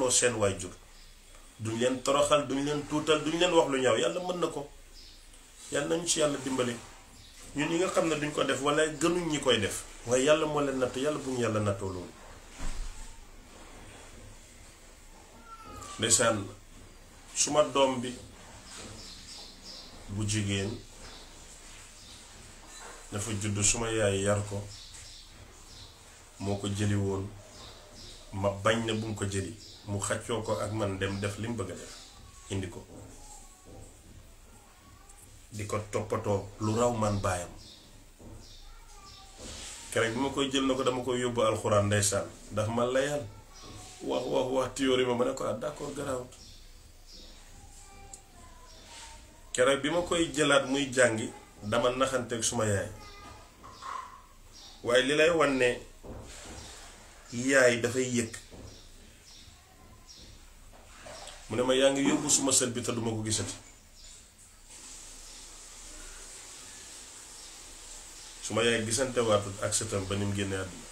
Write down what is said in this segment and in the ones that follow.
loo seen waajur duñ leen toroxal duñ leen tuutal duñ leen wax lu ñaaw yàlla mën na ko yàlla nañu ci dimbali ñun ñi nga xam ne duñ ko def wala gënuñ ñi koy def waaye yàlla moo leen nattu yàlla bu yàlla nattoo loolu ndeysaan suma doom bi bu jigéen dafa juddu suma yaay yar ko moo ko jëli woon ma bañ ne bu mu ko jëli mu xaccoo ko ak man dem def li mu bëgg a def indi ko di ko toppatoo lu raw man baayam keroog bi ma koy jël na ko dama koy yóbbu alxuraan ndeysaan ndax man la yàlla wax wax wax théorie ma ma ne ko ah d'accord garaawut keroog bi ma koy jëlaat muy jàngi dama naxanteeg suma yaay waaye li lay wan ne yaay dafay yëkk mu ne ma yaa ngi yóbbu suma sët bi te duma ko gisati suma yaay gisante waatut ak sëtam ba ni génnee àdduna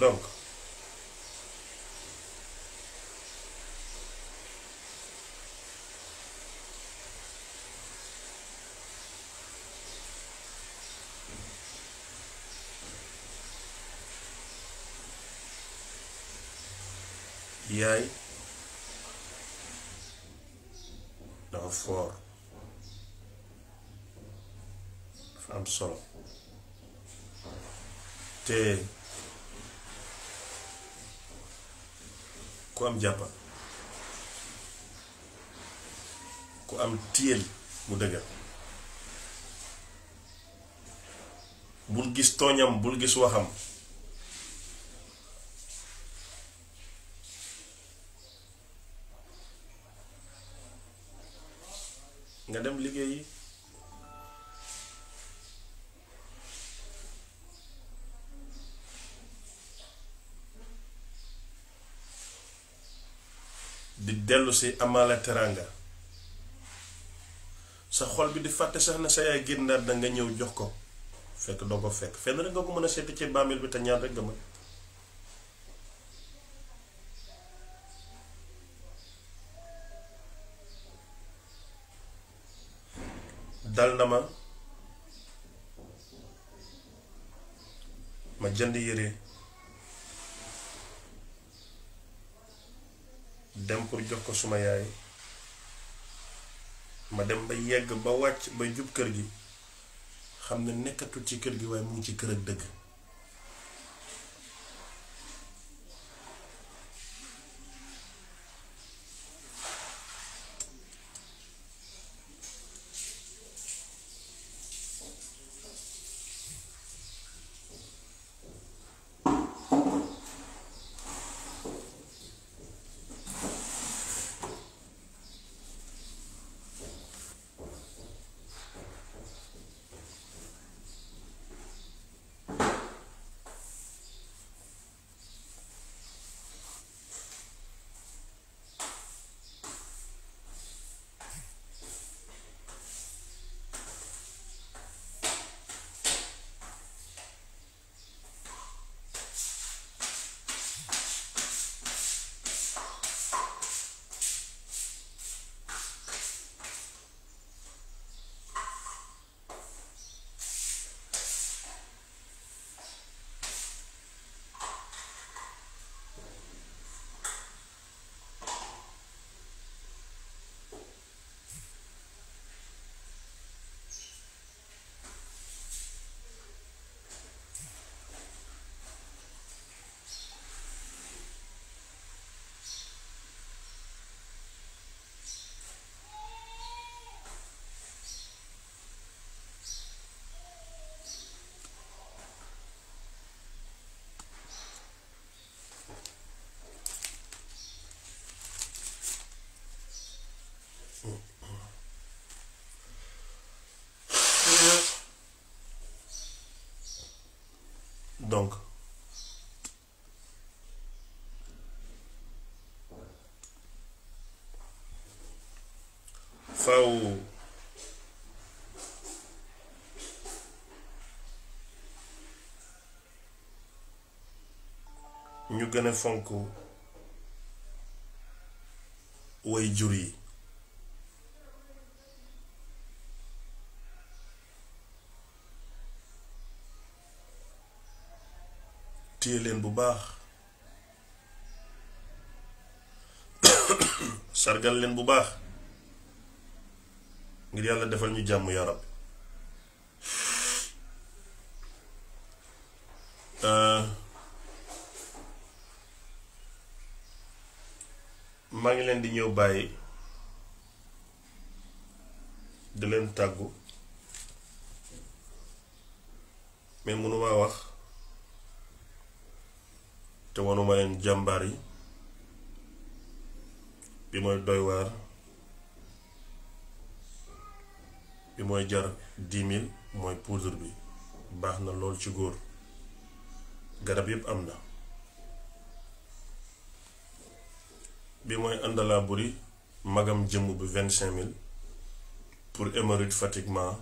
donc yaay dafa foor dafa am solo te ku am jàppa ku am tiyel mu dëgër bul gis tooñam bul gis waxam nga dem liggéeyi di dellu si amaale teranga sa xol bi di fàtte sax na sa yaay génnaat da nga ñëw jox ko fekk doo ko fekk fenn rek nga ko mën a seeti ci bàmmeel bi te ñaan rek nga mën dal na ma ma jënd yére dem pour jox ko suma yaay ma dem ba yegg ba wàcc ba jub kër gi xam ne nekkatul ci kër gi waaye mu ngi ci kër ak dëgg donc ñu gën a fonk way jur yi téye leen bu baax sargal leen bu baax ngir yàlla defal ñu jàmm yaa rabbi euh, maa ngi leen di ñëw bàyyi di leen tàggu mais mënuma wax te wanuma leen jàmbaar yi bi mooy doy waar bi mooy jar dix mil mooy poudre bi baax na lool ci góor garab yépp am na bi mooy àndalaa buri magam jëmm bi vingt cinq mille pour hémorroïde fatiguement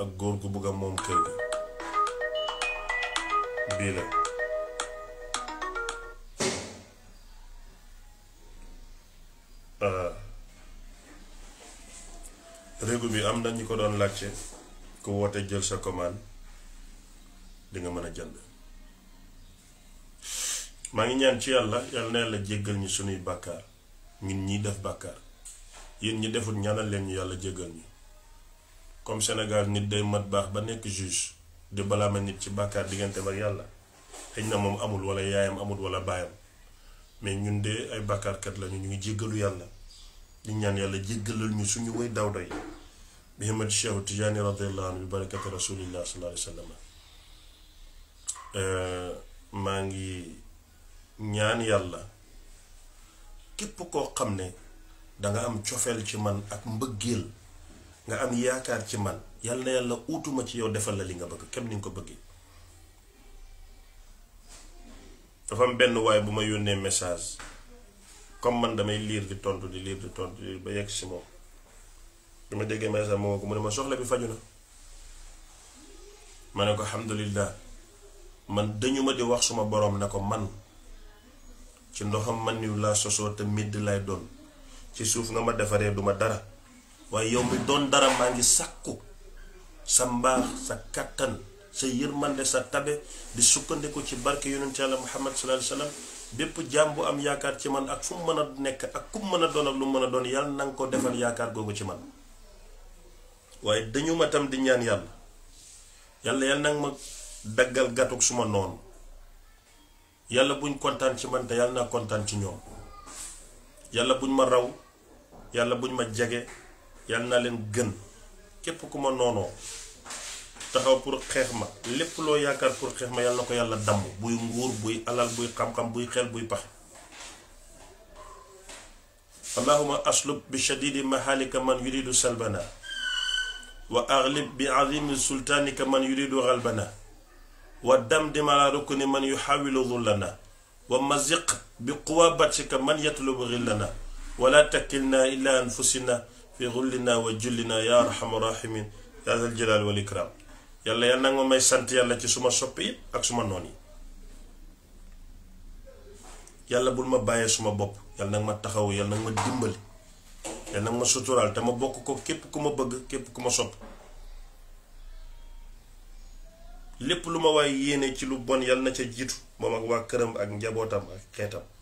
ak góor gu bugg moom kër gi bii la léegu bi am na ko doon laajte ku woote jël sa commande dinga mën a jënd maa ngi ñaan ci yàlla yàlla na yàlla jéggal ñu suñuy bàkkaar ñun ñiy def bàkkaar yéen ñi deful ñaanal leen ñu yàlla jéggal ñu comme Sénégal nit day mat baax ba nekk juge di balaa ma nit ci bàkkaar diggante ba yàlla xëy na moom amul wala yaayam amul wala baayam mais ñun de ay bàkkaarkat lañu ñu ngi jéggalu yàlla di ñaan yàlla jéggalal ñu suñu way daw doy bi himmati Cheikhu Tijaani radiyallahu anhu bi barakati rasulillah sallallahu alayhi wa sallam eh, maa ngi ñaan yàlla képp koo xam ne danga am cofeel ci man ak mbëggeel nga am yaakaar ci man yàlla na yàlla uutuma ci yow defal la li nga bëgg kem ni ko bëggee dafa am benn waaye bu ma yónnee message comme man damay liir di tontu di liir di tontu ba yegg si moom bi ma déggee message ma woo ko mu ne ma soxla bi faju na ma ne ko alhamdulillah man dañu ma di wax suma boroom ne ko man ci ndoxam man niw laa sosoo te midd lay doon ci suuf nga ma defaree duma dara waaye yow mi doon dara maa ngi sàkku sa mbaax sa kàttan sa yërmande sa tabe di sukkandiku ci barke yonent yàlla muhammad sallallahu alayhi wa sallam bépp jaam bu am yaakaar ci man ak fu mën a nekk ak ku mën a doon ak lu mën a doon yàlla na nga ko defal yaakaar googu ci man waaye dañu ma tam di ñaan yàlla yàlla yàlla nag ma daggal gàttuk suma noonu yàlla buñ kontaan ci man te yàlla naa kontaan ci ñoom yàlla buñ ma raw yàlla buñ ma jege yàlla naa leen gën képp ku ma noonoo taxaw pour xeex ma lépp loo yaakaar pour xeex ma yàlla ko yàlla damm buy nguur buy alal buy xam-xam buy xel buy pax allahuma aslub bi shadidi mahalika man yuridu salbana wa aglib bi azimi sultaanika man yuridu xalbana wa damdim ala rukni man yuxaawilu dullana wa maziq bi quwa batsika man yatlubu xillana wala takkilna ila anfusina fi xullina wa jullina ya arxamu rahimin ya dal jalaal wal ikram yàlla yal nag ma may sant yàlla ci suma soppi ak suma noon yi yàlla bul ma bàyyee suma bopp yàlla nag ma taxaw yàlla nag ma dimbali te nag ma suturaal te ma bokk ko képp ku ma bëgg képp ku ma sopp lépp lu ma waay yéene ci lu bon yal na ca jiitu moom ak waa këram ak njabootam ak xeetam